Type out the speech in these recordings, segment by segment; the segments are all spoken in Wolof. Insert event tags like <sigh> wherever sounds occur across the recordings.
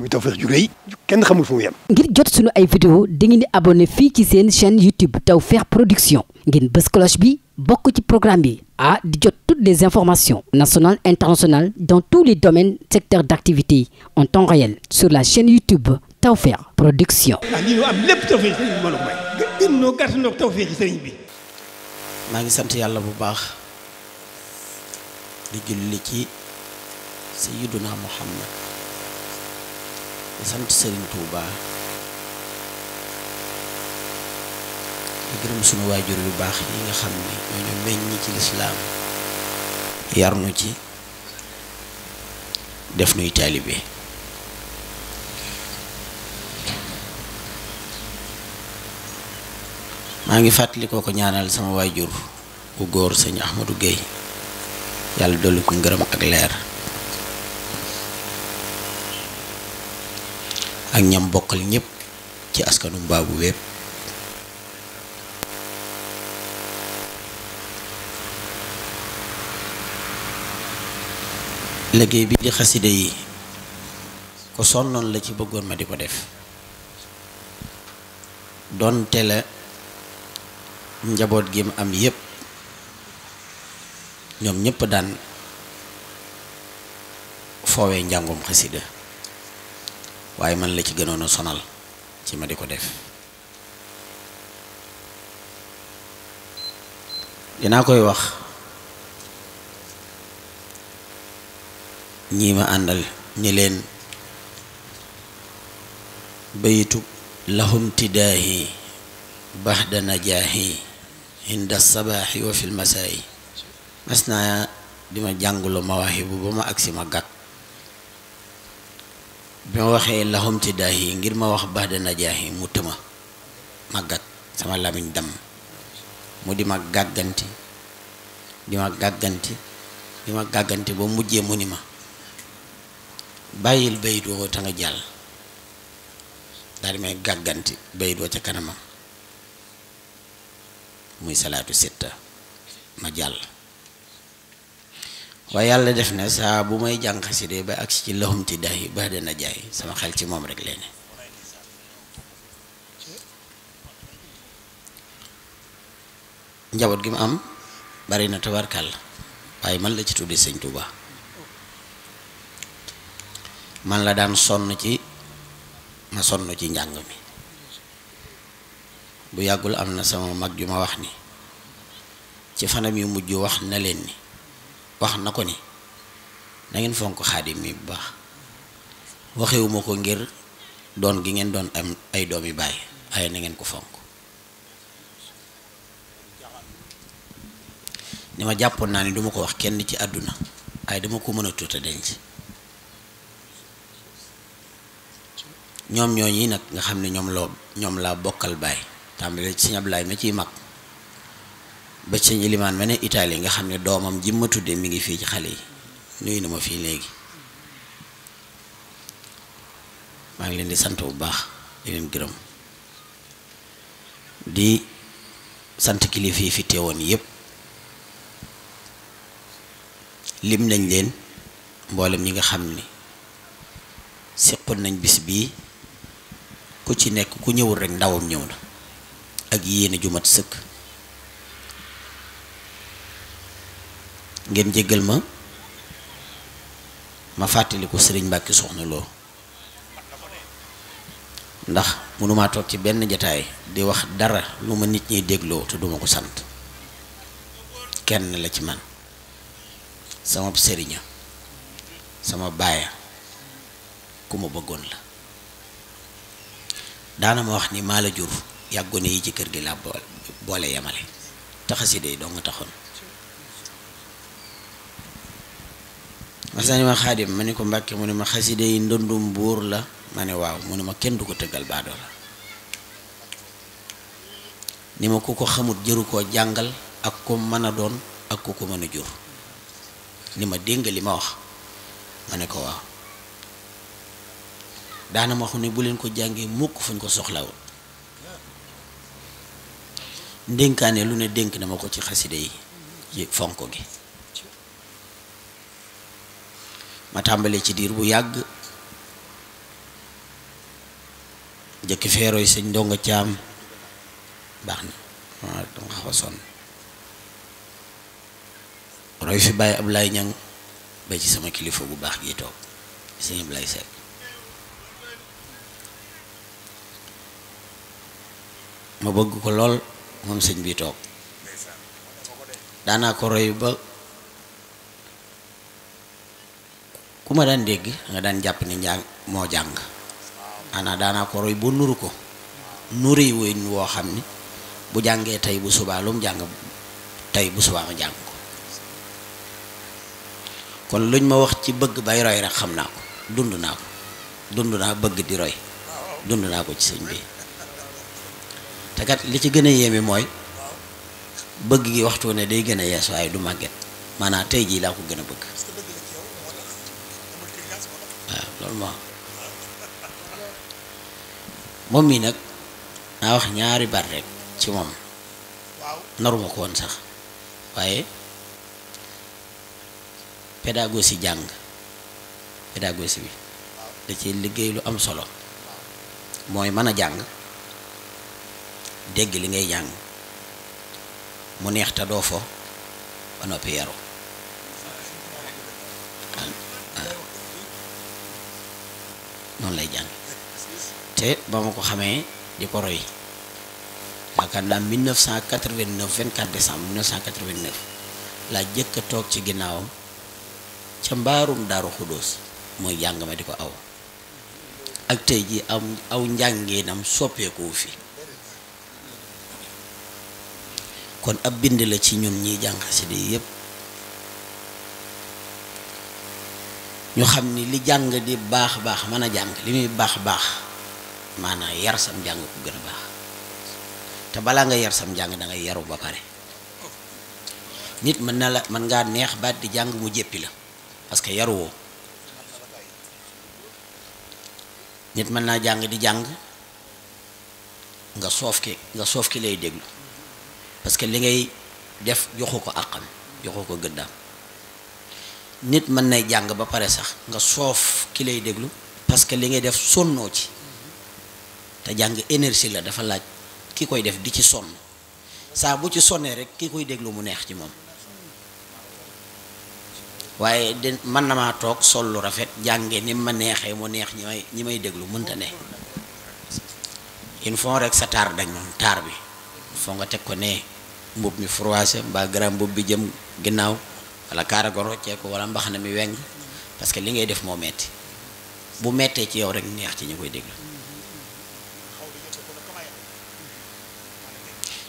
muy Tawfekh ju rëy ngir jot sunu ay vidéo dangeen di abonné fii ci seen chaîne YouTube Tawfekh Production ngeen bës cloche bi bokk ci programme bi ah di jot toutes les informations nationales internationales dans tous les domaines secteurs d'activité en temps réel sur la chaîne YouTube Tawfekh Production. ah lii ñu am lépp Tawfekh sëriñ bi ma la may. gën noo gàtt noo Tawfekh sëriñ bi. maa ngi sant yàlla bu baax di julli ci sayyiduna Muhammad sant sëriñ Touba di gërëm sunu waajur yu baax yi nga xam ne ñoo ñu meññ ci lislaam yar nu ci def nuy bi maa ngi fàttalikoo ko ñaanal sama waajur bu góor sëñ Ahmadou Guèye yàlla dolli ko ngërëm ak leer ak ñam bokkal ñëpp ci askanu mbaabu wépp liggéey bi di xaside yi ku sonnoon la ci bëggoon ma di ko def donte la njaboot gi am yépp ñoom ñépp daan foowee njàngum xasida waaye man la ci gënoon a sonal ci ma di ko def dinaa koy wax ñii ma àndal ni leen baytu laxum tidaahi baxda najaahi hinda sabaaxi wa fil masaayi naa di ma jàngulu mawaahibu ba ma agsi ma gàkk bi ma waxee laxumti daahi ngir ma wax baax de najaahi mu tëma ma gàgg sama làmmiñ damm mu di ma gàgganti di ma gàgganti di ma gàgganti ba mujjee mu ni ma bàyyil bayit woo ta jàll daal di may gàgganti bayit woo ca kanamam muy salaatu sitta ma jàll waaye yàlla def na saa bu may jàng xaside ba agsi ci laxumti day ba dana jaay sama xel ci moom rek leene njaboot gi mu am bari na tabarkàlla waaye man la ci tuddi sëñ Tuuba man la daan sonn ci ma sonn ci njàng mi bu yàggul am na sama mag ju ma wax ni ci fanam yu mujj wax na leen ni wax na ko ni na ngeen fonk xaadim mi bu baax waxewuma ko ngir doon gi ngeen doon am ay doomi baay ay na ngeen ko fonk ni ma jàppoon naa ni duma ko wax kenn ci àdduna waaye dama ko mën a tuuta denc ñoom ñooñi nag nga xam ne ñoom loo ñoom laa bokkal baay tàmbale ci Sëñ Ablaay ma ciy mag ba sëñ ilimaan ma ne Italie nga xam ne doomam ji ma tudde mi ngi fii ci xale yi nuyu na ma fii léegi maa ngi leen di sant bu baax di leen gërëm di sant kilifa yi fi teewoon yépp lim nañ leen mboolem ñi nga xam ni seqoon nañ bis bii ku ci nekk ku ñëwul rekk ndawam ñëw la ak yéene jumat mat sëkk ngeen jéggal ma ma fàttaliku sëriñ Mbàkke Soxna ndax mënuma toog ci benn jataay di wax dara lu ma nit ñi dégloo te duma ko sant kenn la ci man sama sëriña sama baaya ku ma bëggoon la daana ma wax ni maa la jur yàggoone yi ci kër gi laa boole yemale taxaside yi doo nga taxoon masani ma xaadim ma ni ko mbàkke mu ne ma xaside yi ndëndum buur la ma ne waaw mu ne ma kenn du ko tëggal baadoo ni ma ku ko xamut jëru koo jàngal ak ku mën a doon ak ku ko mën a jur ni ma dégg li ma wax ma ne ko waaw daana ma ne bu leen ko jàngee mukk fuñ ko soxlawul ndénkaane lu ne dénk na ma ko ci xaside yi fonk gi ma tàmbalee ci diir bu yàgg jëkki feerooy sëñ ndongo caam baax na waaw dama xaw a sonn roy fi bàyyi Ablaay Ñang ba ci sama kilifa bu baax gi toog sëñ lay Seck ma bëgg ko lool moom sëñ bi toog daanaa ko roy ba ku ma daan dégg nga daan jàpp ni njàng moo jàng maanaam daanaa ko roy boo nuru ko nuru yi woo xam ni bu jàngee tey bu subaa lu mu jàng tey bu subaa ma jàng ko kon luñ ma wax ci bëgg bay roy rek xam naa ko dund naa ko dund naa bëgg di roy dund naa ko ci sëñ bi te kat li ci gën a yéeme mooy bëgg gi waxtu ne day gën a yees waaye du màgget maanaa tey jii laa ko gën a bëgg loolu moo moom mii nag naa wax ñaari baat ci moom naruma koon sax waaye pédagogie jàng pédagogie bi da ci liggéey lu am solo mooy mën a jàng dégg li ngay jàng mu neex te doo fo ba noppi yaru noonu lay jàng te ba ma ko xamee di ko roy yaakaar naa 1989 24 décembre 1989 laa jëkk a toog ci ginnaawam ca mbaarum daaru xudóos mooy jàng ma di ko aw ak tey ji am aw njàngeenam soppeekuwu fi kon ab bind la ci ñun ñiy jàng xasida yi yépp ñu xam ni li jàng di baax baax mën a jàng li muy baax baax maanaa yar sam jàng ku gën a baax te balaa nga yar sam jàng dangay yaru ba pare nit mën mën ngaa neex baat di jàng mu jéppi la parce que yaruwoo nit mën naa jàng di jàng nga soof ki nga soof ki lay déglu parce que li ngay def joxu ko àqam joxu ko gëddaam nit mën nay jàng ba pare sax nga soof ki lay déglu parce que li ngay def sonnoo ci te jàng énergie la dafa laaj ki koy def di ci sonn saa bu ci sonnee rek ki koy déglu mu neex ci moom waaye de mën na maa toog sol lu rafet jànge ni ma neexee mu neex ñi may ñi may déglu mënta ne il faut rek sa taar dañ moom taar bi foo nga teg ko ne mbubb mi froissé mbaa grand mbubb bi jëm ginnaaw wala kaaragor rocceeku wala mbaxana mi weng parce que li ngay def moo metti bu mettee ci yow rek neex ci ñu koy dégg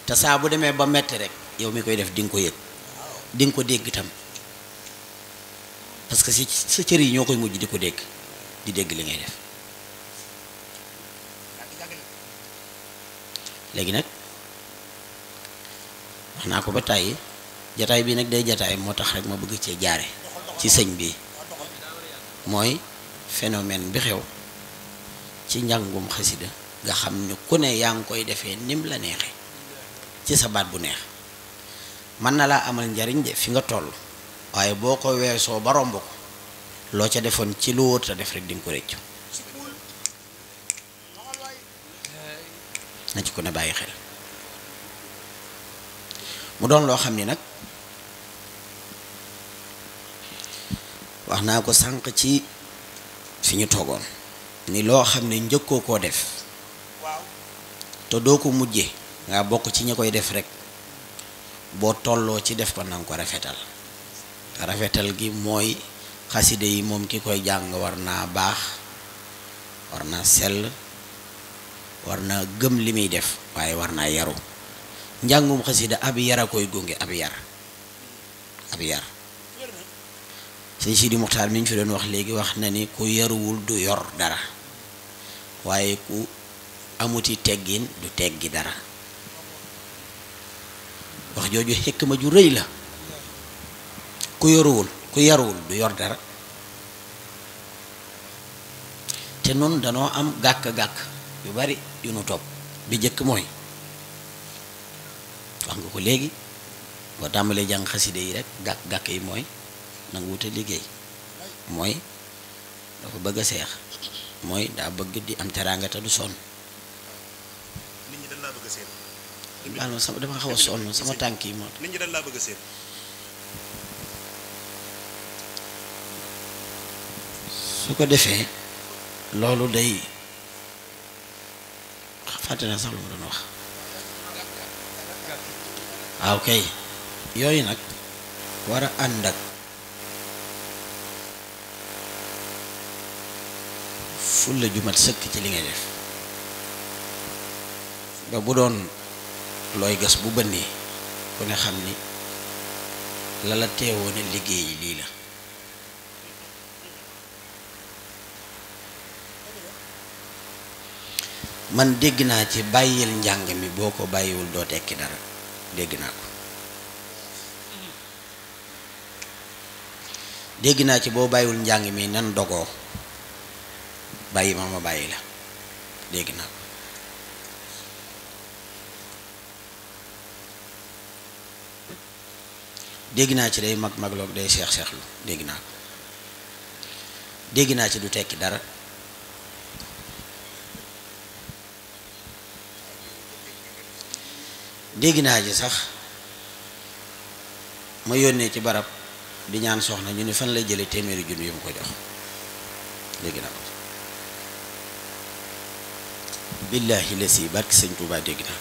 te saa bu demee ba metti rek yow mi koy def di nga ko yëg di nga ko dégg itam parce que si sa cër yi ñoo koy mujj di ko dégg di dégg li ngay def léegi nag wax naa ko ba tàyyi jataay bii nag day jataay moo tax rek ma bëgg cee jaare ci sëñ bi mooy phénomène bi xew ci njàngum xasida nga xam ni ku ne yaa ngi koy defee nim la neexe ci sa baat bu neex mën na laa amal njariñ de fi nga toll waaye boo ko weesoo ba romb ko loo ca defoon ci lu wóor te def rek di ko réccu na ci ku ne bàyyi xel mu doon loo xam ni nag wax naa ko sànq ci fi ñu toogoon ni loo xam ne njëkkoo koo def te doo ko mujje nga bokk ci ñu koy def rek boo tolloo ci def ko nanga ko rafetal rafetal gi mooy xaside yi moom ki koy jàng war naa baax war naa sell war naa gëm li muy def waaye war naa yaru njàngum xasida ab yara koy gonge ab yar ab yar sëñ Sidi Muxtaar mi ñu fi doon wax léegi wax na ni ku yaruwul du yor dara waaye ku amuti teggin du teggi dara wax jooju xikma ju rëy la ku yoruwul ku yaruwul du yor dara te noonu danoo am gàkk-gàkk yu bari yu nu topp bi jëkk mooy wax nga ko léegi boo tàmbalee jàng xaside yi rek gàkk gàkk yi mooy nanga wute liggéey mooy dafa bëgg a seex mooy daa bëgg di am teraanga te du sonn nit ñi sama dama xaw a sonn sama tànk yi moo nit bëgg a seet su ko defee loolu day fàtte naa sax lu ma doon wax waaw kay yooyu nag war a ànd ak fulla ju sëkk ci li ngay def ba bu doon looy gas bu bënnee ku ne xam ni lala la teewoon a liggéey lii la man dégg naa ci bàyyil njàng mi boo ko bàyyiwul doo tekki dara dégg naa ko dégg naa ci boo bàyyiwul njàng mi nan dogoo bàyyi ma ma bàyyi la dégg naa ko dégg naa ci day mag mag magloog day seex seexlu dégg naa ko dégg naa ci du tekki dara dégg naa ji sax ma yónnee ci barab di ñaan soxna ñu ni fan lay jële téeméeri junni yu mu ko jox léegi naa ko billaahi les yi barki sëñ Tuubaa dégg na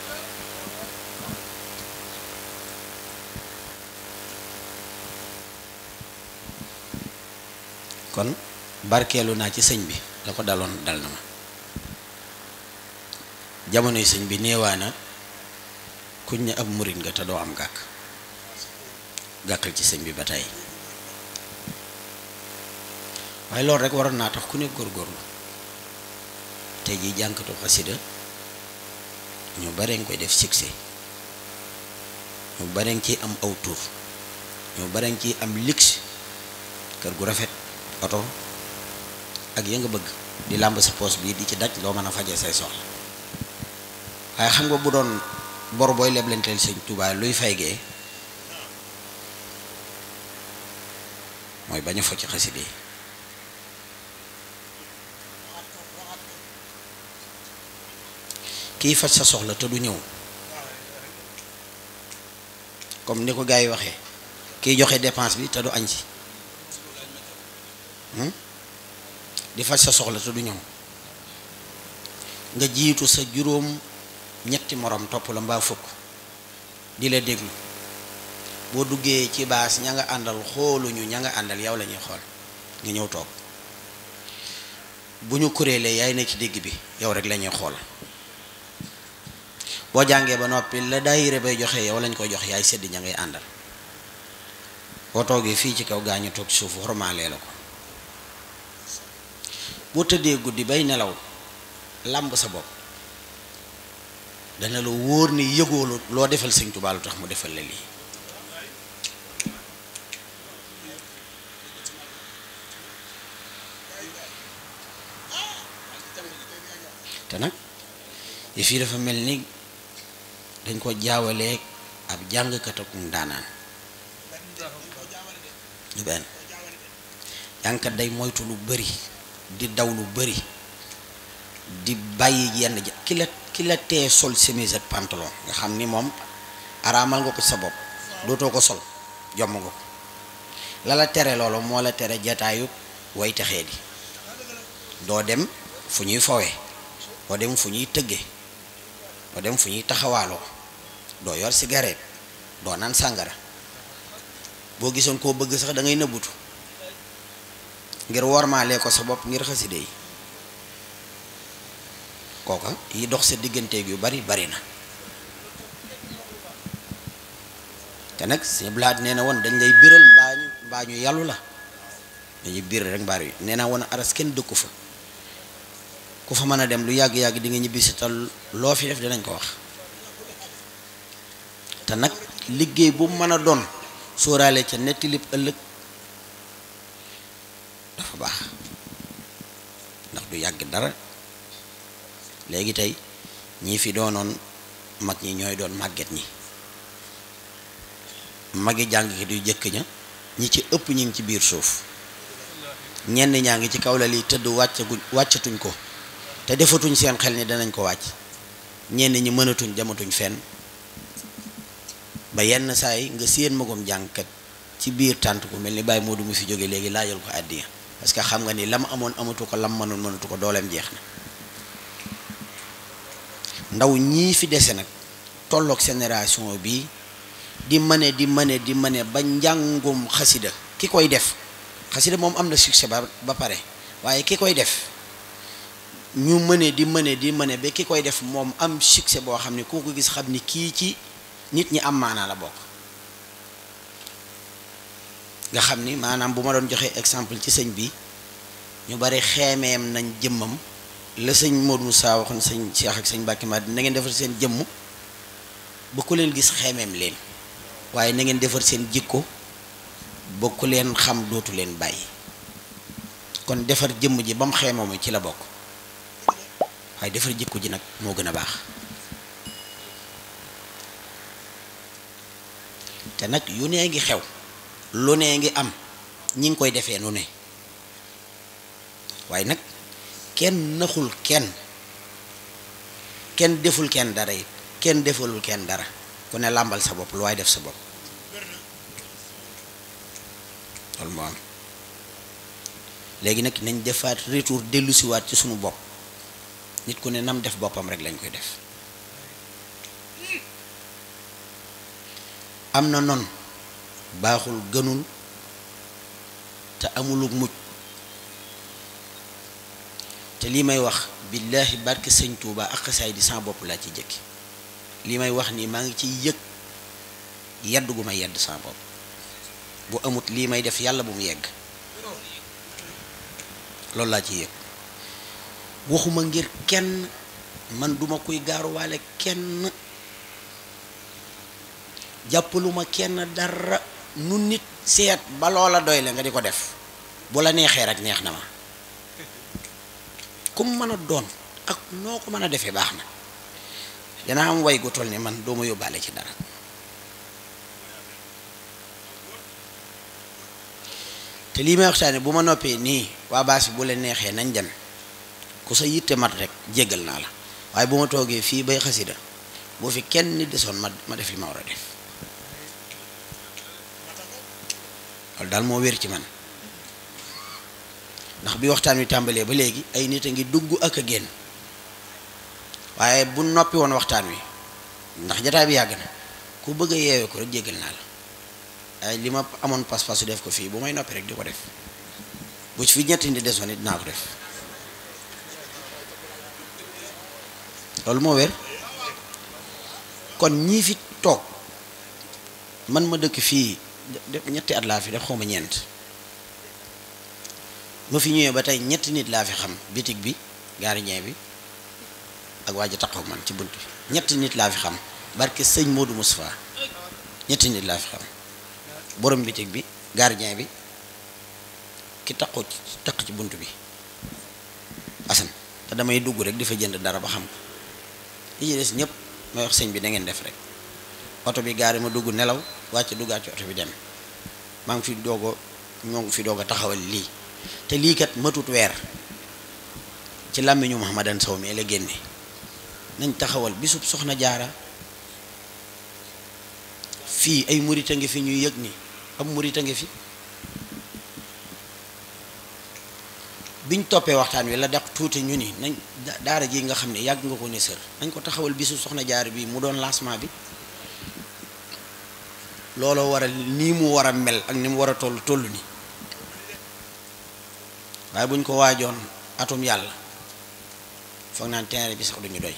kon barkeelu naa ci sëñ bi la ko daloon dal na ma jamonoy sëñ bi néewaa kuñ ni ab murit nga te doo am gàkk gàkkal ci sëñ bi ba tey waaye loolu rek waroon naa tax ku ne góorgóorlu tey jii jànkatu xasida ñu bare nga koy def succès ñu bare nga ciy am aw tur ñu bare nga ciy am luxe kër gu rafet oto ak ya nga bëgg di làmb sa poos bii di ci daj loo mën a faje say soxla waaye xam nga bu doon bor booy leblanteel sëñ Tuubaa luy faygee mooy bañ a fo ci xasida yi kiy faj sa soxla te du ñëw comme ni ko gars yi waxee kiy joxe dépense bi te du añ si hmm? di faj sa soxla te du ñëw nga jiitu sa juróom ñetti moroom topp la mbaa fukk di la déglu boo duggee ci baas ña nga àndal xooluñu ña nga àndal yow lañuy xool nga ñëw toog bu ñu kuréelee yaay ne ci dégg bi yow rek lañuy xool boo jàngee ba noppi la daayire bay joxe yow lañ koy jox yaay sedd ña ngay àndal boo toogee fii ci kaw gaañu toog suuf xormaalee la ko boo tëddee guddi bay nelaw làmb sa bopp dana la wóor ni yëgoolu loo defal sëñ Tuubaa lu tax mu defal la lii te nag yëf yi dafa mel ni dañ ko jaawalee ab jàngkat ak ndaanaan jàngkat day moytu lu bari di daw lu bari di bàyyi yenn ja ki la ki la tee sol chemise ak pantalon nga xam ni moom araamal nga ko sa bopp dootoo ko sol jomm ko la la tere loolu moo la tere jataayu woy texee di doo dem fu ñuy fowee doo dem fu ñuy tëggee doo dem fu ñuy taxawaaloo doo yor cigarette doo naan sàngara boo gisoon koo bëgg sax dangay ngay nëbbutu ngir wormaalee ko sa bopp ngir xaside yi kooka yi dox sa digganteeg yu bari bari na te nag sëñ Blaat nee na woon dañ lay biral mbaa ñu mbaa ñu yàllu la dañuy biral rek mbaar yi nee naa woon aras kenn dëkku fa ku fa mën a dem lu yàgg-yàgg di nga ñibbi si tal loo fi def dinañ ko wax te nag liggéey bu mën a doon sóoraale ca netti lib ëllëg dafa baax ndax du yàgg dara léegi tey ñi fi doonoon mag ñi ñooy doon màgget ñi magi jàngkat yu jëkk ña ñi ci ëpp ñi ngi ci biir suuf ñenn ñaa ngi ci kaw la lii tëdd wàccaguñ wàccatuñ ko te defatuñ seen xel ni danañ ko wàcc ñenn ñi mënatuñ dematuñ fenn ba yenn saay nga séen magum jàngkat ci biir tànt ku mel ni bàyyi Moodu mu fi jóge léegi laajal ko àddiya parce que xam nga ni lam amoon amatu ko lam mënoon mënatu ko dooleem jeex na ndaw ñii fi dese nag tolloog génération bi di mëne di mëne di mëne ba njàngum xasida ki koy def xasida moom am na succès ba ba pare waaye ki koy def ñu mëne di mëne di mëne ba ki koy def moom am succès boo xam ne koo ko gis xam ni kii ci nit ñi am maanaa la bokk nga xam ni maanaam bu ma doon joxee exemple ci sëñ bi ñu bari xeemeem nañ jëmmam la sëñ Modou Moussa waxoon sëñ Cheikh ak sëñ Mbacke Madina na ngeen defar seen jëmm ba ku leen gis xeemeem leen waaye na ngeen defar seen jikko ba leen xam dootu leen bàyyi kon defar jëmm ji ba mu xeemoom ci la bokk waaye defar jikko ji nag moo gën a baax te nag yu nee ngi xew lu nee ngi am ñi ngi koy defee nu ne waaye nag kenn naxul kenn kenn deful kenn dara yi kenn defalul kenn dara ku ne làmbal sa bopp lu waay def sa bopp loolu moo léegi nag nañ defaat retour dellusiwaat ci sunu bopp nit ku ne nam def boppam rek lañ koy def am na noon baaxul gënul te amulug mujj te lii may wax billaahi barke sëñ Touba ak xasaay di sama bopp laa ci jëkki lii may wax nii maa ngi ciy yëg yedd gu may yedd sama bopp bu amut lii may def yàlla bu mu yegg loolu laa ci yëg waxuma ngir kenn man duma kuy gaaruwaale kenn jàppaluma kenn dara nu nit seet ba loola doy la nga di ko def bu la neexee rek neex na ma ku mu mën a doon ak noo ko mën a defee baax na danaa am way gu toll ni man doo ma yóbbaale ci dara te lii may waxtaane bu ma noppee nii waa baas bi bu leen neexee nañ dem ku sa yitte mat rek jéggal naa la waaye bu ma toogee fii bay xasida boo fi kenn nit desoon ma ma def li ma war a def loolu daal moo wér ci man ndax bi waxtaan wi tàmbalee ba léegi ay nit a ngi dugg ak a génn waaye bu noppi woon waxtaan wi ndax jataay bi yàgg na ku bëgg a yeewee ko rek jéggal naa la waaye li ma amoon pas-pasu def ko fii bu may noppi rek di ko def bu ci fi ñetti nit dinaa ko def moo wér kon ñii fi toog man ma dëkk fii ñetti at laa fi def xaw ma ñeent ma fi ñëwee ba tey ñetti nit laa fi xam bitig bi gardien bi ak waa ji taxaw man ci bunt bi ñetti nit laa fi xam barke sëñ Modou Moustapha ñetti nit laa fi xam borom bitig bi gardien bi ki taxaw ci taq ci bunt bi asan te damay dugg rek di fa jënd dara ba xam ko li ci des ñëpp may wax sëñ bi dangeen def rek oto bi gaari ma dugg nelaw wàcc duggaat ci oto bi dem maa ngi fi doog a ñoo fi doog a taxawal lii te lii kat matut weer ci làmmiñu Muhammadan Sow mi la génne nañ taxawal bisub soxna jaara fii ay murit a ngi fi ñuy yëg ni am murit a ngi fi biñ toppee waxtaan wi la daq tuuti ñu ni nañ daara ji nga xam ne yàgg nga ko ne sër nañ ko taxawal bisu soxna jaar bii mu doon lancement bi looloo waral nii mu war a mel ak ni mu war a toll toll nii waaye bu ñu ko waajoon atum yàlla foog naan téere bi sax duñu doy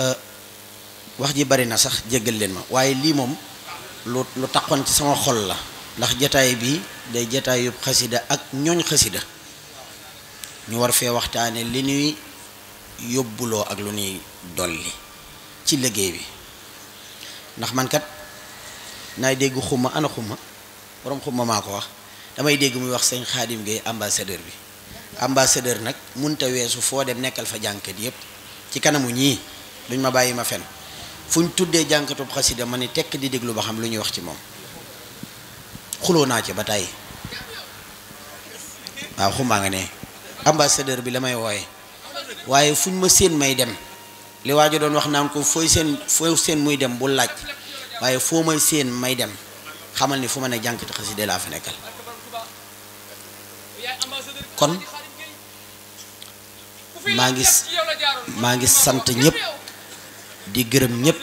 euh, wax ji bari na sax jéggal leen ma waaye lii moom lu lu taxoon ci sama xol la ndax jataay bi day jataay yub xasida ak ñooñ xasida ñu war fee waxtaane li ñuy yóbbuloo ak lu ñuy dolli ci liggéey bi ndax mankat kat naay dégg xuma ana xuma borom xumma maa ko wax damay dégg muy wax sëñ Xaadim Gueye ambassadeur bi ambassadeur nag munta weesu foo dem nekkal fa jànkat yépp ci kanamu ñii duñ ma bàyyi ma fen fu ñu tuddee jànkatub xasida ma ni tekk di déglu ba xam lu ñuy wax ci moom xuloo naa ci ba tàyyi waaw xumbaa nga ne ambassadeur bi la may wooye waaye fuñ ma séen may dem li waajo doon wax naan ko fooy seen fooy seen muy dem bu laaj waaye foo may seen may dem xamal ni fu ma ne jànkati xasida laa fa nekkal kon maa ngi maa ngi sant ñépp di gërëm ñëpp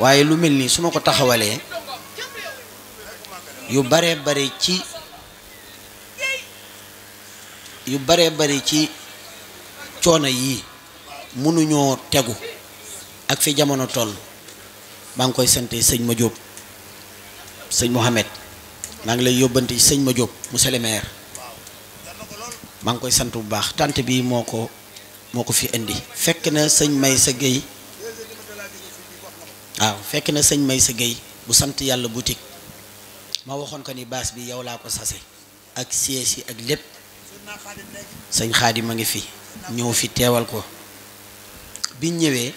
waaye lu mel nii su ma ko taxawalee yu bare bari ci yu baree bari ci coono yi mënuñoo tegu ak fi jamono toll maa ngi koy sante sëñ ma jóob sëñ Mohamed maa ngi lay yóbbante sëñ ma jóob monsieur le maire maa ngi koy sant bu baax tànt bi moo ko moo ko fi indi fekk na sëñ may sa géy waaw fekk na sëñ may sa géey bu sant yàlla boutique ma waxoon ko ni baas bi yow laa ko sase ak siège yi ak lépp sëñ xaadim a ngi fi ñëw fi teewal ko biñ ñëwee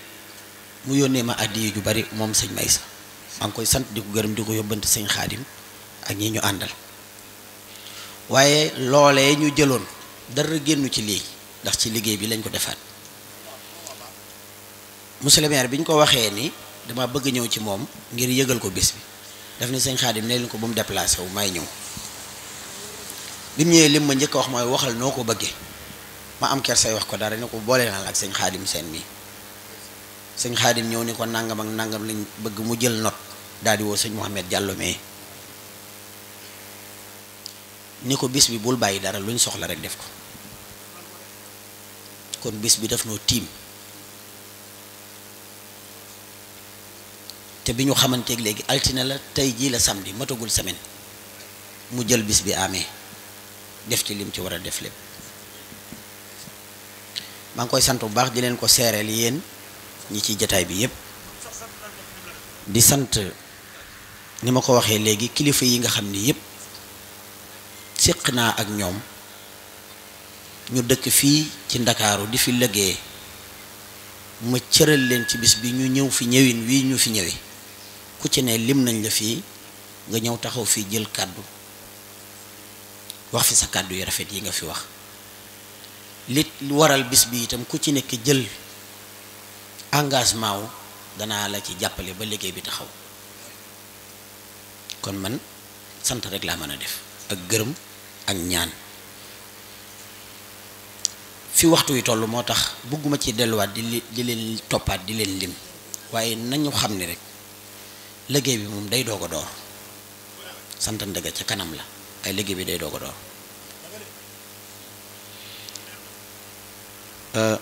mu yónnee ma addiya ju bari moom sëñ Maysa maa ngi koy sant di ko gërëm di ko yóbbante sëñ Xaadim ak ñi ñu àndal waaye loolee ñu jëloon dara génnu ci lii ndax ci liggéey bi lañ ko defaat monsieur le maire bi ñu ko waxee ni dama bëgg ñëw ci moom ngir yëgal ko bis bi daf ni sëñ Xaadim ne leen ko ba mu déplacé wu may ñëw bi mu ñëwee lim ma njëkk wax mooy waxal noo ko bëggee ma am kersay wax ko dara ne ko boole naa la ak sëñ Xaadim seen mii sëñ xaadim ñëw ni ko nangam ak nangam lañ bëgg mu jël not daal di woo sëñ Mouhamed Diallo mee ni ko bis bi bul bàyyi dara luñ soxla rek def ko kon bis bi daf noo tiim te bi ñu xamanteeg léegi altine la tey jii la samedi matagul semaine mu jël bis bi amee def ci lim ci war a def lépp maa ngi koy sant bu baax di leen ko seereel yéen ñi ci jataay bi yépp di sant ni ma ko waxee léegi kilifa yi nga xam ni yépp séq naa ak ñoom ñu dëkk fii ci ndakaaru di fi liggéey ma cëral leen ci bis bi ñu ñëw fi ñëwin wii ñu fi ñëwee ku ci ne lim nañ la fii nga ñëw taxaw fii jël kàddu wax fi sa kàddu yu rafet yi nga fi wax li waral bis bi itam ku ci nekk jël engagement wu danaa la ci jàppale ba liggéey bi taxaw kon man sant rek laa mën a def ak gërëm ak ñaan fi waxtu wi toll moo tax bëgguma ci delluwaat di di leen toppaat di leen lim waaye nañu xam ni rek liggéey bi moom day doog a door sant ndëgg ca kanam la ay liggéey bi day doog a door euh,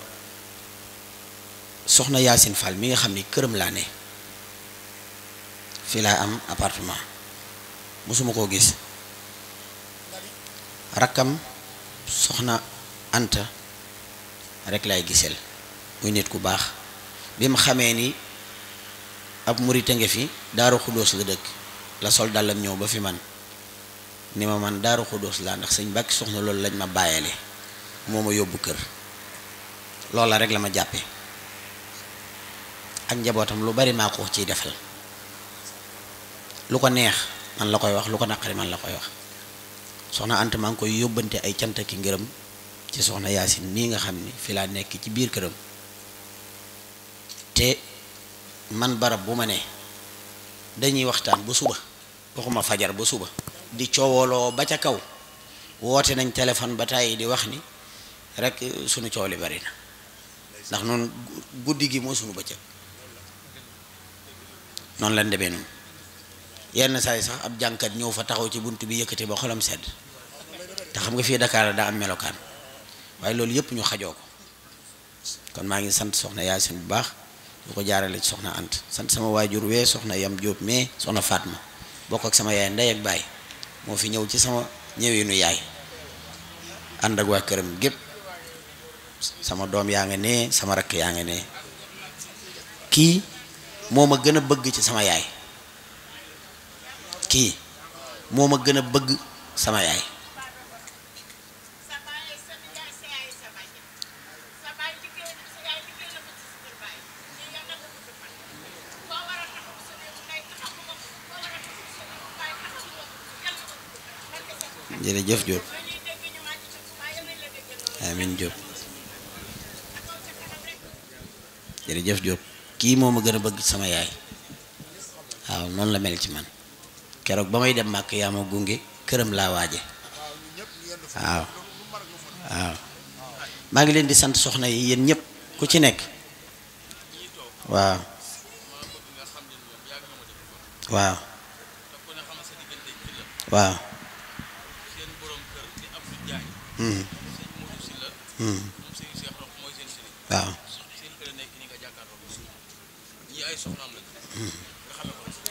soxna Yacine Fall mi nga xam ni këram laa ne fii laa am appartement mosuma koo gis rakkam soxna Anta rek laay giseel muy nit ku baax bi mu xamee ni ab murite nga fi Daaru Xuddoos la dëkk la sol dàllam ñëw ba fi man ni ma man Daaru Xuddoos laa ndax sëñ Bàkki soxna loolu lañ ma bàyyale moo ma yóbbu kër loola rek la ma jàppe ak njabootam lu bari maa ko ciy defal lu ko neex man la koy wax lu ko naqari man la koy wax soxna ant maa ngi koy yóbbante ay cant ki ci soxna Yaasin mii nga xam ni fi laa nekk ci biir këram te man barab bu ma ne dañuy waxtaan ba suba waxuma fajar ba suba di coowaloo ba ca kaw woote nañ téléphone ba tàyyi di wax ni rek sunu coow li bari na ndax noonu guddi gi moo sunu bëccëg noonu lañ demee noonu yenn saa yi sax ab jànkat ñëw fa taxaw ci bunt bi yëkkati ba xolam sedd te xam nga fii dakaar la daa am melokaan waaye loolu yëpp ñu xajoo ko kon maa ngi sant soxna Yaasin bu baax ñu ko jaarale ci soxna Anta sant sama waajur we soxna Yam jóob mais soxna faat Fatma bokk ak sama yaay ndey ak baay moo fi ñëw ci sama ñëwinu yaay ànd ak waa këram gépp sama doom yaa nga ne sama rakk yaa nga ne kii moo ma gën a bëgg ci sama yaay kii moo ma gën a bëgg sama yaay jërëjëf Diop amiin Diop jërëjëf Diop kii moo ma gën a bëgg sama yaay waaw noonu la mel ci man keroog ba may dem màkk yaa ma gunge këram laa waaje waaw waaw leen di sant soxna yi yéen ñëpp ku ci nekk waaw waaw hmm. Hmm.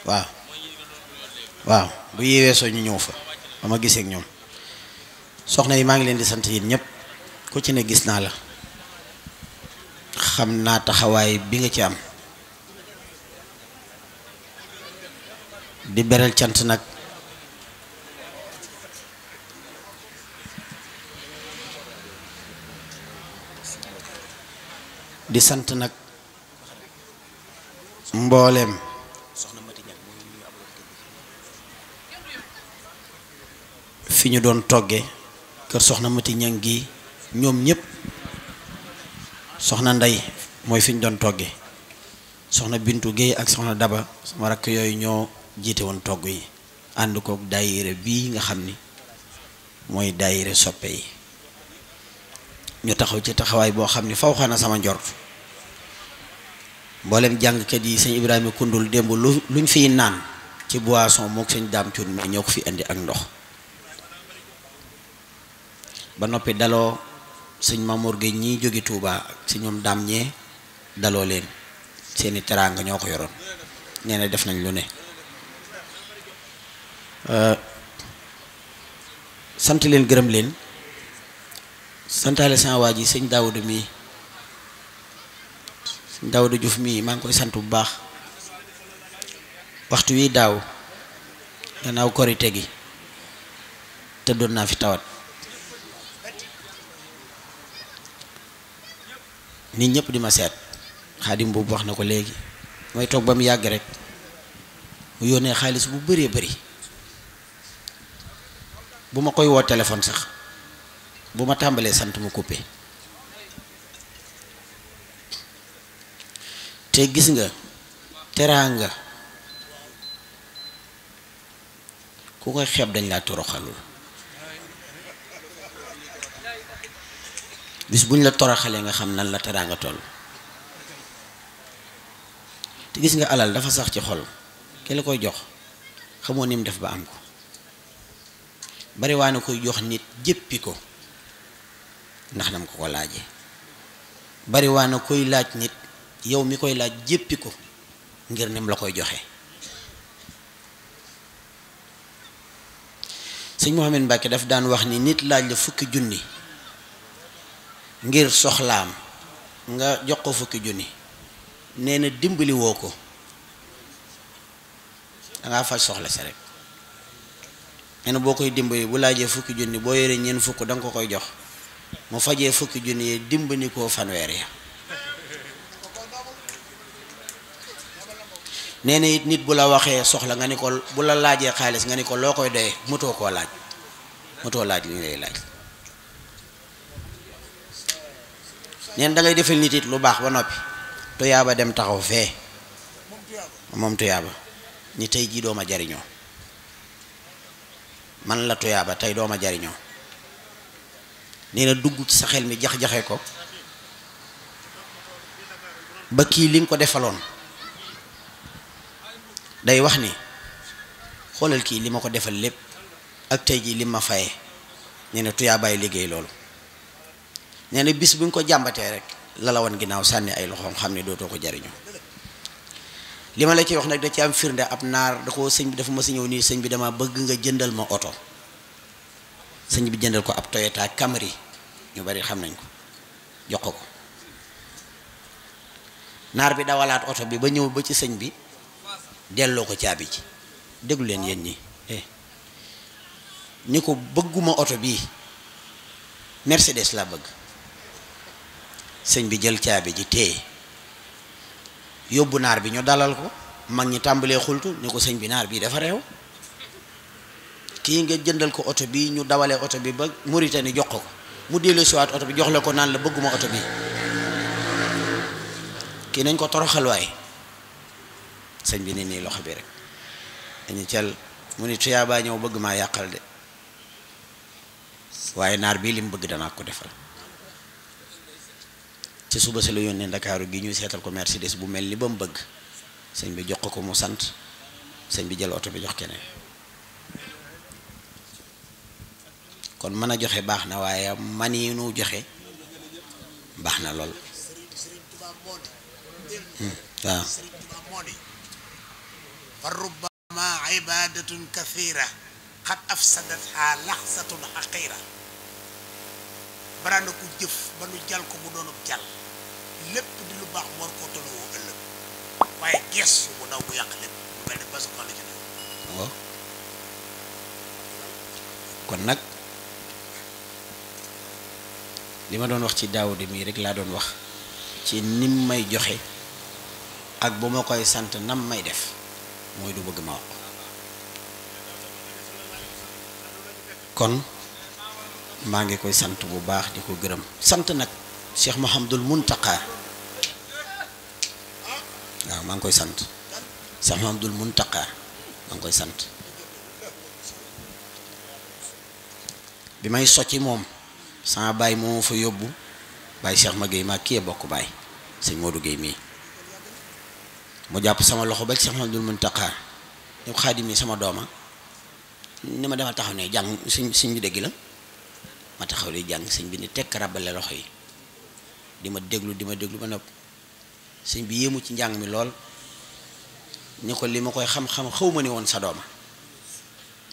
waaw waaw bu yi weesoo ñu ñëw fa ba ma gisee ñoom soxna yi maa ngi leen di sant yéen ñëpp ku ci ne gis naa la xam naa taxawaay bi nga ci am di beral cant nag di sant nag mbooleem ñu doon togge kër soxna mati ñang gi ñoom ñëpp soxna ndey mooy fi ñu doon togge soxna bintu géey ak soxna daba suma rakk yooyu ñoo jiite woon togg yi ànd kook daayire bii nga xam ni mooy daayire soppe yi ñu taxaw ci taxawaay boo xam ni faw xana sama njort mboolem jàngkat yi sëñ Ibrahima kundul démb lu luñ fiy naan ci boisson moo sëñ daam cuun mi ñoo ko fi indi ak ndox ba noppi daloo sëñ Mamour Gueye ñii jóge Touba ak si ñoom daam ñee daloo leen seeni teraanga ñoo ko yoroon nee def nañ lu ne euh, sant leen gërëm leen santaale sama waa ji sëñ Daawuda mii sëñ Daawuda Juuf mii maa ngi koy sant bu baax waxtu wi daaw gannaaw korite gi tëddoon naa fi tawat nit ñëpp di ma seet xaadim boobu wax na ko léegi mooy toog ba mu yàgg rek mu yónnee xaalis bu bëree bëri bu ma koy woo téléphone sax bu ma tàmbalee sant mu coupé te gis nga teraanga ku koy xeeb dañ laa toroxalul bis buñ la toraxalee nga xam nan la teraanga toll te gis nga alal dafa sax ci xol ki la koy jox xamoo ni mu def ba am ko bariwaana koy jox nit jéppi ko ndax nam ko ko laaje bariwaana koy laaj nit yow mi koy laaj jéppi ko ngir nim la koy joxe sëñ Mouhamed Mbacke daf daan wax ni nit laaj la fukki junni ngir soxlaam nga jox ko fukki junni nee na dimbali ko dangaa faj soxla sa rek nee boo koy dimbali bu laajee fukki junni boo yoree ñeent fukk danga ko koy jox mu fajee fukki junni yee dimbali koo fanweer ya nee it nit bu la waxee soxla nga ne ko bu la laajee xaalis nga ni ko loo koy doyee mutoo koo laaj mutoo laaj li ñu lay laaj neen da ngay defal nit it lu baax ba noppi tuyaaba dem taxaw fee moom tuyaaba ni tey jii dooma jariñoo man la tuyaaba tey dooma jariñoo nee na dugg ci sa xel mi jax-jaxe ko ba kii li nga ko defaloon day wax ni xoolal kii li ma ko defal lépp ak tey jii li ma faye nee na tuyaabaay liggéey loolu nee na bis bu ñu ko jàmbatee rek la la wan ginnaaw sànni ay loxoom xam ne dootoo ko jariñu li ma la ci wax nag da ci am firnde ab naar da ko sëñ bi dafa ma si ñëw nii sëñ bi dama bëgg nga jëndal ma oto sëñ bi jëndal ko ab Toyota Camry ñu bari xam nañ ko jox ko ko naar bi dawalaat oto bi ba ñëw ba ci sëñ bi delloo ko caabi ci déglu leen yéen ñi eh. ni ko bëgguma oto bii Mercedes laa bëgg sëñ bi jël caabi ji téye yóbbu naar bi ñu dalal ko mag ñi tàmbalee xultu ñu ko sëñ bi naar bii dafa reew kii nga jëndal ko oto bi ñu dawalee oto bi ba Mauritanie jox ko mu dellu siwaat oto bi jox la ko naan la bëgguma oto bi kii nañ ko toroxal waay sëñ bi ne nii loxo bi rek dañu cal mu ni tuyaabaa ñëw bëgg maa yàqal de waaye naar bii li bëgg danaa ko defal ci suba si la yónnee ndakaaru gi ñuy seetal ko Mercedes bu mel ni ba mu bëgg sëñ bi jox ko mu sant sëñ bi jël oto bi jox keneen kon mën a joxe baax na waaye maniinu joxe baax na lool hmm, waaw fa rubbama ibadatun kathira xat afsadatha laxsatun xaqira bara na ku jëf ba nu jal ko mu doonub jal lépp di lu baax war kon nag li ma doon wax ci daawude mii rek laa doon wax ci nim may joxe ak bu ma koy sant nam may def mooy du bëgg ma wax kon maa ngi koy sant bu baax di ko gërëm sant nag Cheikh Mouhamadul Mountakha waaw maa ngi koy sant sax Mamadul mun maa ngi koy sant bi may socci moom sama baay moo fa yóbbu baay ma Maguèye ma kii bokk baay sëñ Modou Guèye mii mu jàpp sama loxo ba Cheikh Mamadul taqaar ñu xaadim yi sama dooma ni ma dama taxaw ne jàng sëñ sëñ bi dégg la ma taxaw di jàng sëñ bi ni tekk ràbbale loxo yi di ma déglu di ma déglu ba nopp sëñ bi yéemu ci njàng mi lool ni ko li ma koy xam-xam xaw ma ni woon sa dooma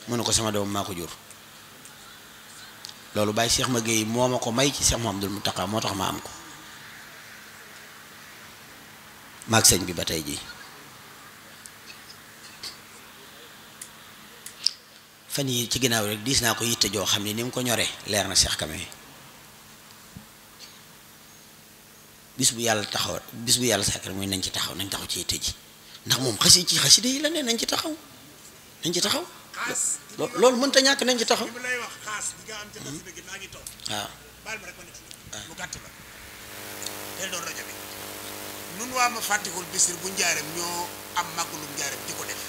mu ne ko sama doom maa ko jur loolu bàyyi Cheikh ma Gueye moo ma ko may ci Cheikh mu Mountakha moo tax ma am ko maag sëñ bi ba tey jii fan yi ci ginnaaw rek diis naa ko yitte joo xam ne ni mu ko ñoree leer na Cheikh Kame bis bu yàlla taxaw bis mooy nañ ci taxaw nañ taxaw ci tëji ndax moom xasi ci xasida yi la ne nañ ci taxaw nañ ci taxaw loolu mënta ñàkk nañ ci taxaw waaw nun waa ma fàttikul bisir bu njaareem ñoo am lu njaareem di ko def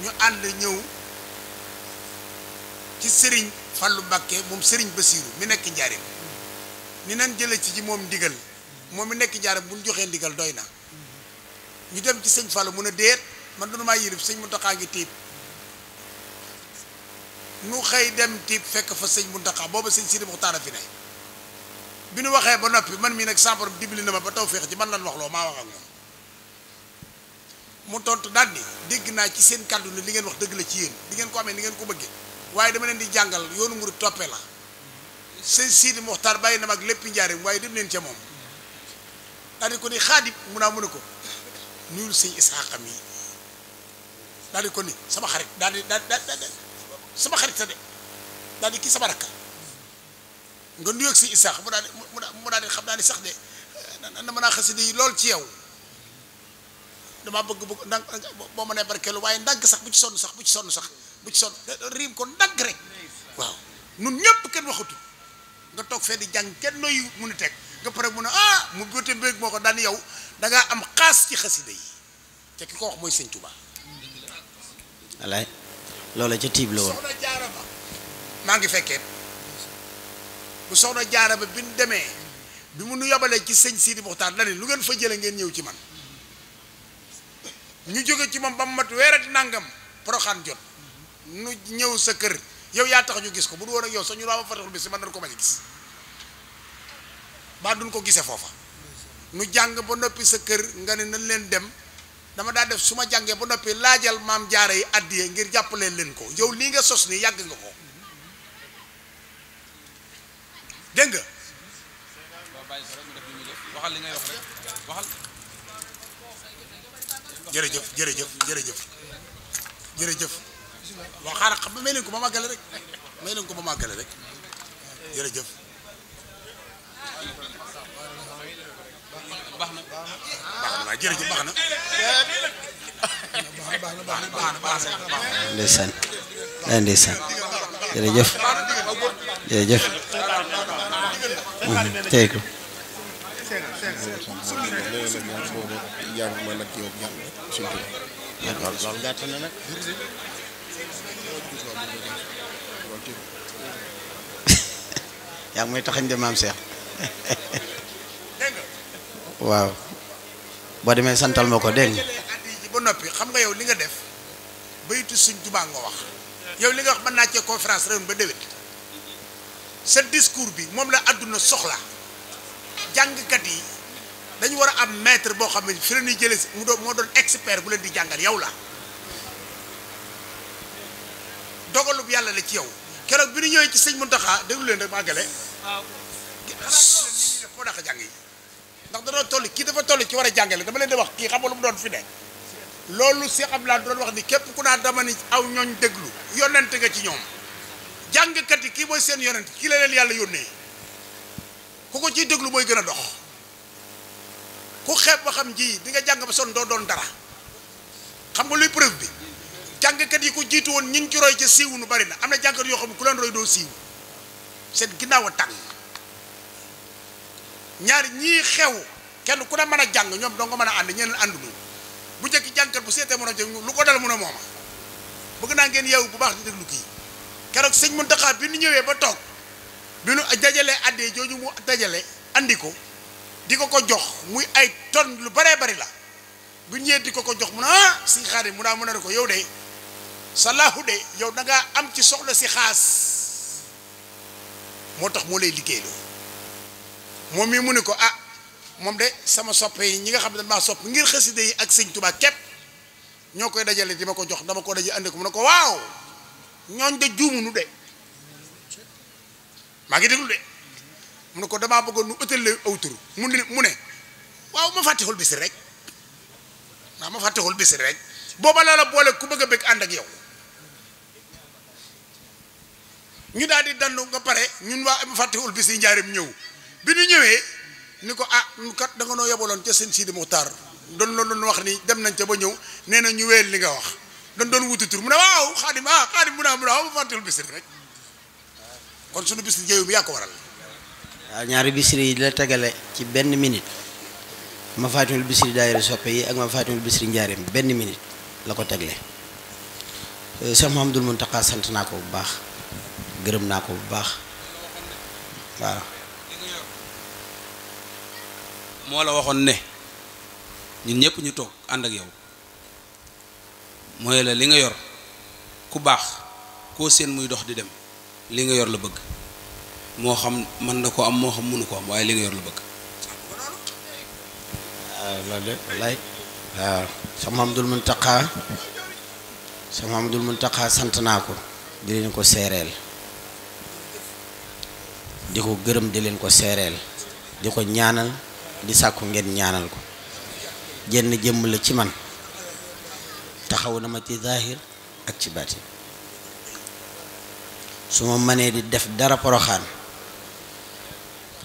ñu ànd ñëw ci sëriñ Fallu Mbàkke moom sëriñ Basiiru mi nekk njaareem ni nan jële ci ci moom ndigal moom mi nekk jaara bu joxee ndigal doy na ñu dem ci sëñ Fallou mun a déet man dunu maa yilif sëñ Muntaxa ngi tiib nu xëy dem tiib fekk fa sëñ Muntaxa booba sëñ si Sidi Muxtaar fi ne bi nu waxee ba noppi man mii nag sàmparam dibli na ma ba taw féex ci man lan wax loo maa wax ak moom mu tontu daal ni dégg naa ci seen kàddu ne li ngeen wax dëgg la ci yéen di ngeen ko amee ni ngeen ko bëggee waaye dama leen di jàngal yoonu murit toppee la sëñ Sidi Moxtaar bàyyi na mag lépp njaareem waaye dem leen ca moom daal di ko ni xaadim mun naa mu ne ko nuyul sëñ Isaaqa mi daal di ko ni sama xarit daal di daal di sama xarit de kii sama rakk nga nuyu ak sëñ Isaaqa mu daal di mu daal xam daal di sax de na mën a xasida yi lool ci yow dama bëgg bëgg ndànk boo ma nee barkeelu waaye ndànk sax bu ci sonn sax bu ci sonn sax bu ci sonn riim ko ndànk rek waaw nun ñëpp kenn waxatul. nga toog fee di jàng kenn nooyu mun a teg nga pare mun a ah mu gote mbéeg moo ko daan yow dangaa am xaas ci xasida yi te ki ko wax mooy sëñ Tuba walaay loola ca tiib ngi fekkee bu soxna jaara ba bi nu demee bi mu nu yobalee ci sëñ Sidi Muxtaar dani lu ngeen fa jële ngeen ñëw ci man ñu jóge ci moom ba mu mat weerati nangam poroxaan jot nu ñëw sa kër yow yaa tax ñu gis ko bu du woon ak yow sax ñu raa ma fataxul bi si man nan ko bañ a gis ba duñ ko gisee foofa nu jàng ba noppi sa kër nga ne na leen dem dama daa def su ma jàngee ba noppi laajal maam jaare yi àddiyee ngir jàppalee leen ko yow lii nga sos ni yàgg nga ko dégg nga jërëjëf jërëjëf jërëjëf jërëjëf waaw xaaral xam may leen ko ba màggale rek may leen ko ba màggale rek jërëjëf waaw baax na. baax na baax na baax yaa ngi taxañ de maam Cheikh <laughs> waaw. boo demee santal ma ko dégg ba noppi xam nga yow li nga def baytu suñ tubaa nga wax yow li nga wax mën naa cee conférence réew ba déwét sa discours bi moom la àdduna soxla jàngkat yi dañu war a am metre boo xam ne fi la ñuy jëlee mu doon moo doon expert bu leen di jàngal yow la dogalub yàlla la ci yow keroog bi ñu ñëwee ci sëñ Muntaxa déglu leen rek màggale waaw moo yi ndax danoo toll kii dafa toll ci war a jàngale dama leen di wax kii xam nga lu mu doon fi ne loolu Cheikh Abdoulaye doon wax ni képp ku naa dama ni aw ñooñ déglu yonent nga ci ñoom jàngkat yi kii mooy seen yonent kii la leen yàlla yónnee ku ko ciy déglu mooy gën a dox ku xeeb ba xam ji di nga jàng ba son doo doon dara xam nga luy preuve bi jàngkat yi ko jiitu woon ñi ci roy ca siiw nu bari na am na jàngkat yoo xam ne ku leen roy doo siiw seen ginnaaw a tàng ñaar ñii xew kenn ku ne mën a jàng ñoom doo nga mën a ànd ñeneen ànduñu bu njëkk jàngkat bu seetee mën a jàng lu ko dal mën a mooma bëgg naa ngeen yeewu bu baax di déglu kii keroog sëñ Muntaxa bi nu ñëwee ba toog bi nu dajalee addee jooju mu dajale andi ko di ko ko jox muy ay ton lu baree bari la bu ñëwee di ko ko jox mu ne ah si xaar mu naa ah, mën a ko yow de salaahu de yow da am ci soxla si xaas moo tax moo lay liggéeyloo moom mii mu ni ko ah moom de sama soppe yi ñi nga xam ne maa sopp ngir xaside yi ak sëñ Tuubaa képp ñoo koy dajale di ma ko jox dama ko daje andi ko mu ne ko waaw ñooñ de juumu nu de maa ngi déglu de mu ko damaa bëggoon nu ëttal aw tur mu ne mu ne waaw ma fàttixul bisi rek waaw ma fàttixul bisi rek booba loola boole ku bëgg a bëgg ànd ak yow ñu daal di dandu nga pare ñun waa ma fàttixul bisi njaarim ñëw bi ñu ñëwee ni ko ah kat da nga noo yebaloon ca seen Sidi Muxtaar doon la doon wax ni dem nañ ca ba ñëw nee na ñu li nga wax doon doon wuti tur mu ne waaw xaadim ah xaadim bu naa bu naa ma fàttul bisir rek kon sunu bisir jéeyu bi yaa ko waral ñaari bisir yi la ci benn minute ma fàttul bisir daayira soppe yi ak ma fàttul bisir njaareem benn minute la ko tegle euh, Cheikh Mouhamadoul Mountakha sant naa ko bu baax gërëm naa ko bu baax waaw moo la waxoon ne ñun ñépp ñu toog ànd ak yow mooy la li nga yor ku baax koo seen muy dox di dem li nga yor la bëgg moo xam mën na ko am moo xam mënu ko am waaye li nga yor la bëgg waaw ah, loolu de wallaay waaw ah, Cheikh Mouhamadoul Mountakha sant naa ko di leen ko seereel di ko gërëm di leen ko seereel di ko ñaanal di sàkku ngeen ñaanal ko jenn jëmm la ci man taxaw na ma ci zaahir ak ci baati su ma mënee di def dara poroxaan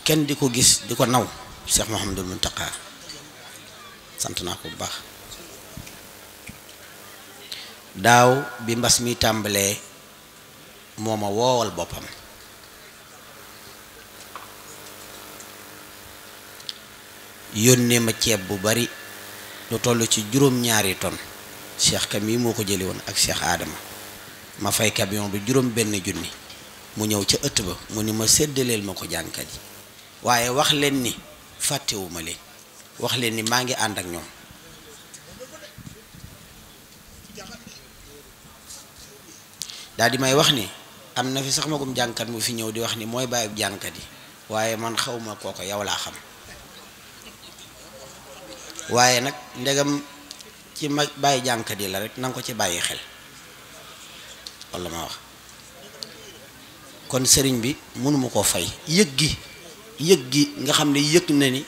kenn di ko gis di ko naw Cheikh Mouhamadul Muntaqa sant naa ko bu baax daaw bi mbas mi tàmbalee moo ma woowal boppam yónnee ma ceeb bu bari lu toll ci juróom-ñaari ton cheikh kam moo ko jëli woon ak cheikh aadama ma fay camion bi juróom benn junni mu ñëw ca ëtt ba mu ni ma séddaleel ma ko jànkat yi waaye wax leen ni fàttewuma leen wax leen ni maa ngi ànd ak ñoom daal di may wax ni am na fi sax magum jànkat mu fi ñëw di wax ni mooy bàyyi jànkat yi waaye man xawuma kooko yow laa xam waaye nag ndegam ci mag bàyyi jànkat yi la rek nanga ko ci bàyyi xel walla ma wax kon sëriñ bi mënuma koo fay yëg gi yëg gi nga xam ne yëg na ni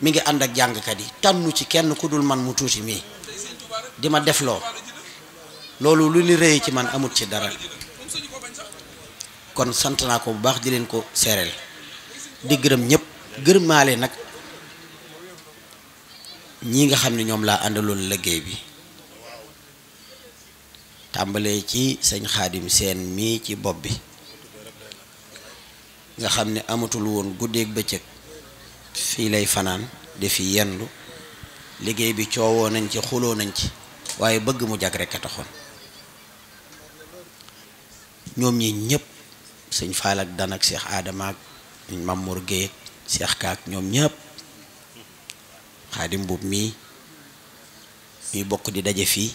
mu ngi ànd ak jàngkat yi tànnu ci kenn ku dul man mu tuuti mii di ma def loo loolu lu ni rëy ci man amut ci dara kon sant naa ko bu baax di leen ko seereel di gërëm ñëpp gërëm nag ñii nga xam ne ñoom laa àndaloon liggéey bi tàmbalee ci sëñ xaadim seen mii ci bopp bi nga xam ne amatul woon guddeeg bëccëg fii lay fanaan di yendu liggéey bi coowoo nañ ci xuloo nañ ci waaye bëgg mu jag rekk a taxoon ñoom ñi ñëpp sëñ faal ak dan ak seex aadama ak Mamour seex kaak ñoom ñëpp xaadim buub mii ñuy bokk di daje fii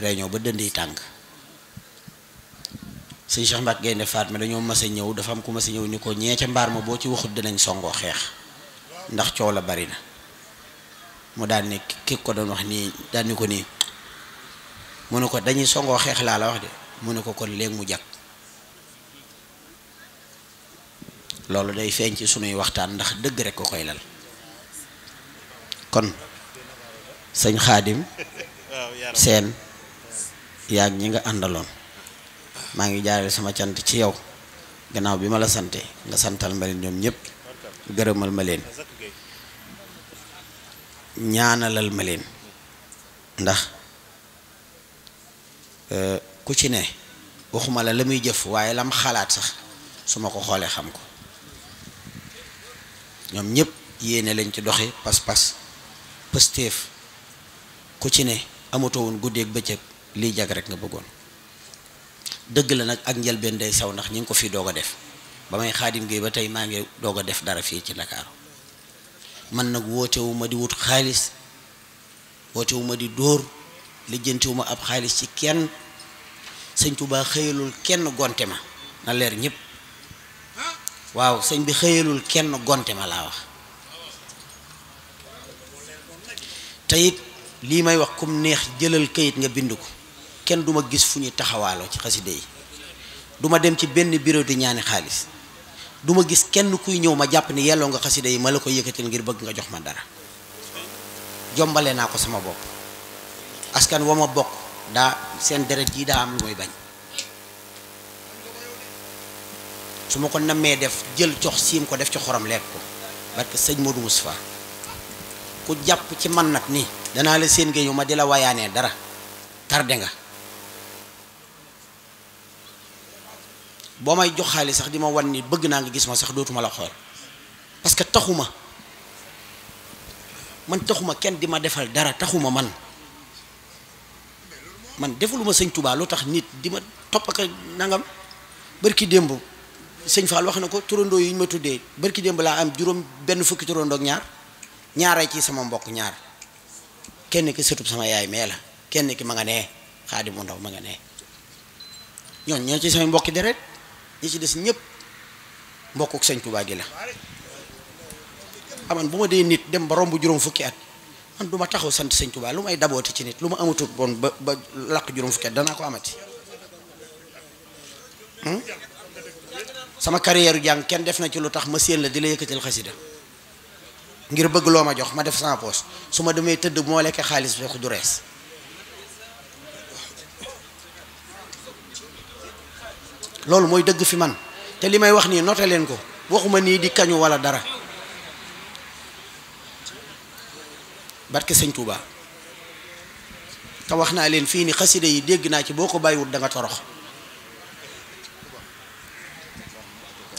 réunion ba dënd yi tàng sëñ Cheikh Mbacke Gaynde Fatma dañoo mas ñëw dafa am ku mas a ñëw ni ko ñee ca mbaar ma boo ci waxut dinañ songoo xeex ndax coow la bari na mu daan ne ki ko doon wax nii daan ni ko nii mu ne ko dañuy songoo xeex laa la wax de mu ne ko kon léegi mu jag loolu day feeñ ci suñuy waxtaan ndax dëgg rek ko koy lal kon sëñ xaadim seen yaag ñi nga àndaloon maa ngi jaarale sama cant ci yow gannaaw bi ma la sante nga santal ma leen ñoom ñëpp gërëmal ma leen ñaanalal ma leen ndax euh, ku ci ne waxuma la la muy jëf waaye lam xalaat sax su ma ko xoolee xam ko ñoom ñëpp yéene lañ ci doxi pas-pas pëstéef ku ci ne amatoo woon guddeeg bëccëg lii jag rekk nga bëggoon dëgg la nag ak njëlbeen day saw ndax ñi ngi ko fi doog a def ba may xaadim géey ba tey maa ngi doog a def dara fii ci Ndakaaru man nag wootewuma di wut xaalis wootewu ma di dóor lijjantiwu ma ab xaalis ci kenn sëñ Tuubaa xëyalul kenn gonte ma na leer ñëpp waaw sëñ bi xëyalul kenn gonte ma laa wax teyit lii may wax kum neex jëlal kayit nga bind ko kenn duma gis fu ñu taxawaaloo ci xaside yi duma dem ci benn bureau di ñaani xaalis duma gis kenn kuy ñëw ma jàpp ni yelloo nga xaside yi ma la ko yëkkatil ngir bëgg nga jox ma dara jombale naa ko sama bopp askan wa ma bokk daa seen deret jii daa am lu mooy bañ su ma ko nammee def jël cox siim ko def ci xorom lekk ko parce que sëñ Modou Moustapha ko jàpp ci man nag nii danaa la seen géeju ma di la wayaanee dara tarde nga boo may jox xaalis sax di ma wan ni bëgg naa nga gis ma sax dootuma la xool parce que taxuma man taxuma kenn di ma defal dara taxuma man man defaluma sëñ Touba lu tax nit di ma topp ak nangam bërki démb sëñ Fall wax na ko turandoo yi ñu ma tuddee bërki démb laa am juróom benn fukki turandoo ñaar ñaara ci sama mbokk ñaar kenn ki sëtub sama yaay mee la kenn ki ma nga nee xaadimu ndaw ma nga nee ñoon ñoo ci samay mbokki deret ñi ci des ñëpp mbokkuk sëñ Tuubaa gi la aman ah, bu ma dee nit dem ba romb juróom fukki at man du ma taxaw sant sëñ Tuubaa lu may dabooti ci nit lu ma amatul boon ba ba lakk juróom fukki at danaa ko amati hmm? sama carrière jàng kenn def na ci lu tax ma séen la di la yëkkatil xasida ngir bëgg loo ma jox ma def sans poche su ma demee tëdd bu ma xaalis bi du rees loolu mooy dëgg fi man te li may wax nii noté leen ko waxuma nii di kañu walla dara barke sëñ Touba te wax naa leen fii ni xasida yi dégg naa ci boo ko bàyyiwut danga torox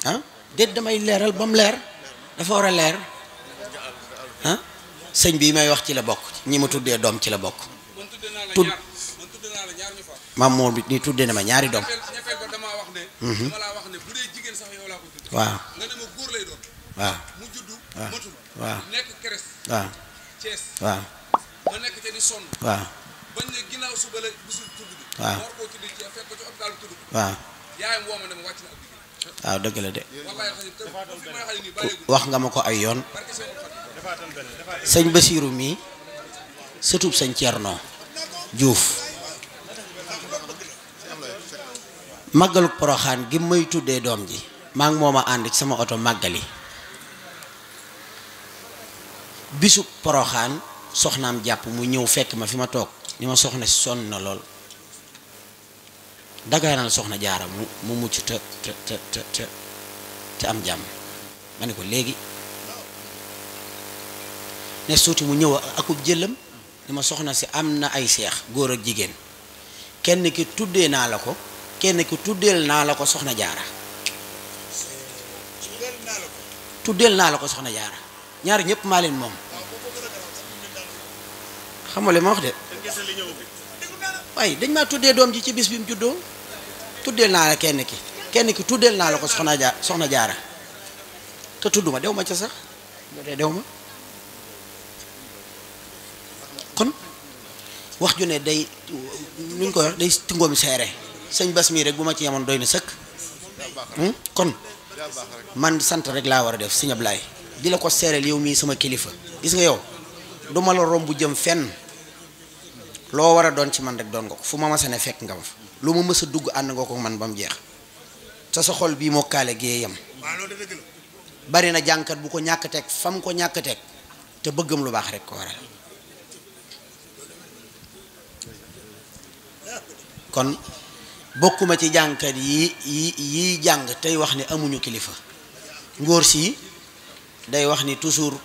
ah damay leeral ba mu leer dafa war a leer ah sëñ bii may wax ci la bokk ñi ma tuddee doom ci la bokk tudd maam moor bi ni tuddee na ma ñaari doom mhm. waaw waaw dëgg la de wax nga ma ko ay yoon sëñ Basiiru mii sëtub sëñ Ceerno Juuf màggalu poroxaan gi may tuddee doom ji maa ngi mooma ànd sama oto màggali bisu poroxaan soxnaam jàpp mu ñëw fekk ma fi ma toog ni ma soxna si sonn na lool dagaanal soxna jaara mu mu mucc te te te te te am jàmm ma ne ko léegi ne suuti mu ñëw akub jëlam ne ma soxna si am na ay seex góor ak jigéen kenn ki tuddee naa la ko kenn ki tuddeel naa la ko soxna jaara tuddeel naa la ko soxna jaara ñaar ñëpp maa moom xam nga li wax de waaye dañ maa tuddee doom ji ci bis bi mu juddoo tuddeel naa kenn ki kenn ki tuddeel naa la ko soxna jaar soxna jaara te tudduma dew ma ca sax de dew ma kon wax ju ne day nuñ ko wax day tingoom seere sëñ bas mii rek bu ma ci yemoon doy na sëkk hmm? kon man sant rek laa war a def sëñ Ablaay di la ko seereel yow mii sama kilifa gis nga yow duma la romb jëm fenn loo war a doon ci man rek doon nga ko fu ma mës ne fekk nga ma fa lu ma mës a dugg ànd nga ko man ba mu jeex te sa xol bii moo kaale gee yem bari na jànkat bu ko ñàkk teg fam ko ñàkk teg te bëggam lu baax rek ko waral kon bokkuma ci jàngkat yi yi yiy jàng tey wax ni amuñu kilifa ngóor si day wax ni toujours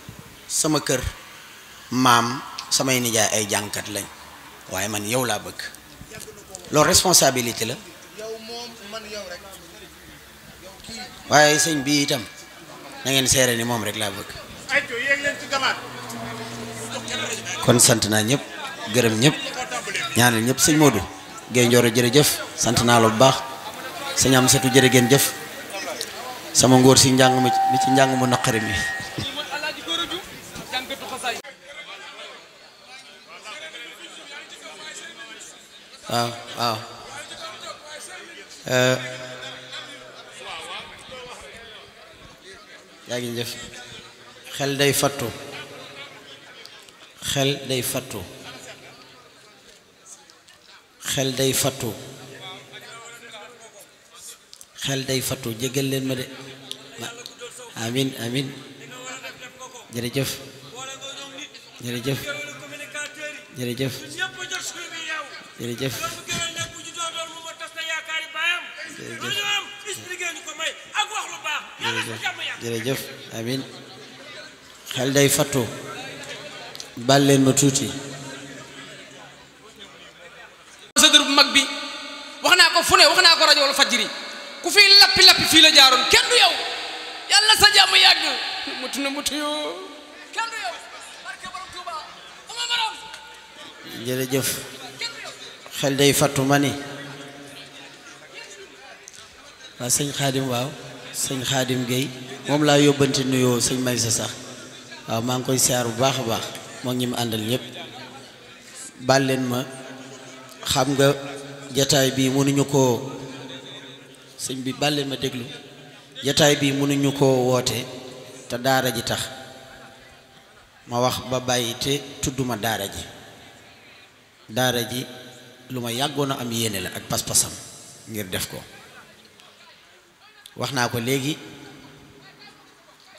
sama kër maam samay nijaay ay jàngkat lañ waaye man yow laa bëgg loolu responsabilité la waaye sëñ bi itam na ngeen seere ni moom rek laa bëgg kon sant naa ñëpp gërëm ñëpp ñaanal ñëpp sëñ Modou Guèye Ndioro jërëjëf sant naa la bu baax sëñ am setu jërë ngeen jëf sama ngóor si njàng mi ci njàng mu naqari mi euh, ngi jëf xel day fattu xel day fatto xel day fattu xel day fattu jéggal leen ma de amin amin jërëjëf jërëjëf jërëjëf jërëjëf jërëjëf amin xel day fattu baal leen ma tuuti mag bi wax naa ko fu ne wax naa ko rajo fajiri ku fi lappi lappi fii la jaaroon kenn du yow yàlla sa jàmm yàgg mutu na xel day fattu ma ni waaw sëñ xaadim waaw sëñ xaadim Guèye moom laa yóbbante nuyoo sëñ Maysa sax waaw maa ngi koy saar bu baax a baax moo ngi mu àndal ñëpp baal ma xam nga jataay bii mënuñu koo sëñ bi bàlleen ma déglu jataay bii mënuñu koo woote te daara ji tax ma wax ba bàyyi te tudduma daara ji daara ji lu ma yàggoon a am yéene la ak pas-pasam ngir def ko wax naa ko léegi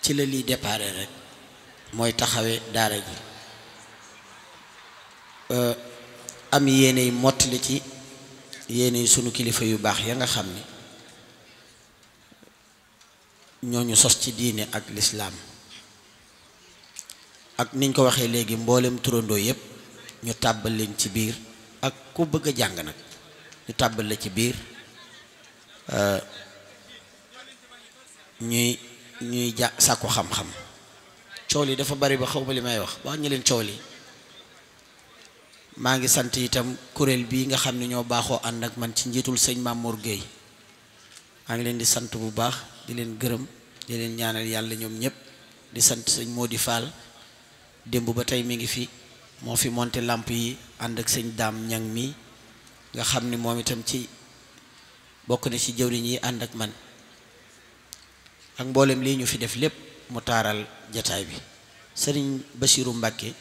ci la lii déparé rek mooy taxawe daara ji euh, am yéene yi mottali ci yéene sunu kilifa yu baax ya nga xam ni ñooñu sos ci diine ak lislaam ak niñ ko waxee léegi mboolem turandoo yépp ñu tàbbal leen ci biir ak ku bëgg a jàng nag ñu tàbbal la ci biir euh, ñuy ñuy ja sàkku xam-xam coow li dafa bari ba xaw ma li may wax wax ñu leen coow li maa ngi sant itam kuréel bii nga xam ne ñoo baaxoo ànd ak man ci njiitul sëñ mam Guèye maa ngi leen di sant bu baax di leen gërëm di leen ñaanal yàlla ñoom ñëpp di sant sëñ Mody Fall démb ba tey mi ngi fi moo fi monté làmp yi ànd ak sëñ Daam Ñang mi nga xam ni moom itam ci bokk na ci jëwriñ yi ànd ak man ak mboolem lii ñu fi def lépp mu taaral jataay bi sëriñ Basiiru Mbàkke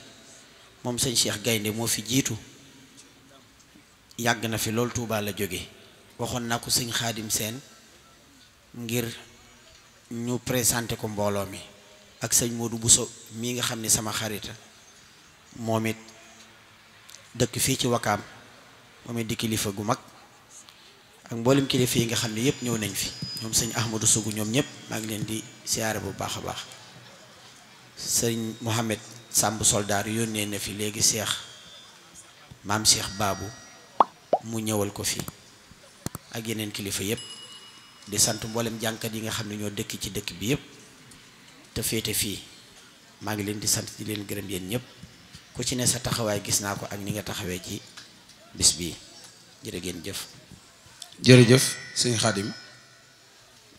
moom sëñ Cheikh Gaynde moo fi jiitu yàgg na fi loolu Touba la jóge waxoon naa ko sëñ Xaadim Seen ngir ñu présenté ko mbooloo mi ak sëñ Modou Bousso mii nga xam ni sama xarita moom it dëkk fii ci Wakaam moom it di kilifa gu mag ak mboolem kilifa yi nga xam ne yëpp ñëw nañ fi ñoom sëñ Ahmadou Sougou ñoom ñëpp maa ngi leen di siyaare bu baax a baax sëñ Mohamed sàmb soldaar yónnee na fi léegi seex maam seex baabu mu ñëwal ko fi ak yeneen kilifa yépp di sant mboolem jànkat yi nga xam ne ñoo dëkk ci dëkk bi yépp te féete fii maa ngi leen di sant di leen gërëm yéen ñépp ku ci ne sa taxawaay gis naa ko ak ni nga taxawee ci bis bi jërë geen jëf jërëjëf sëñ Xaadim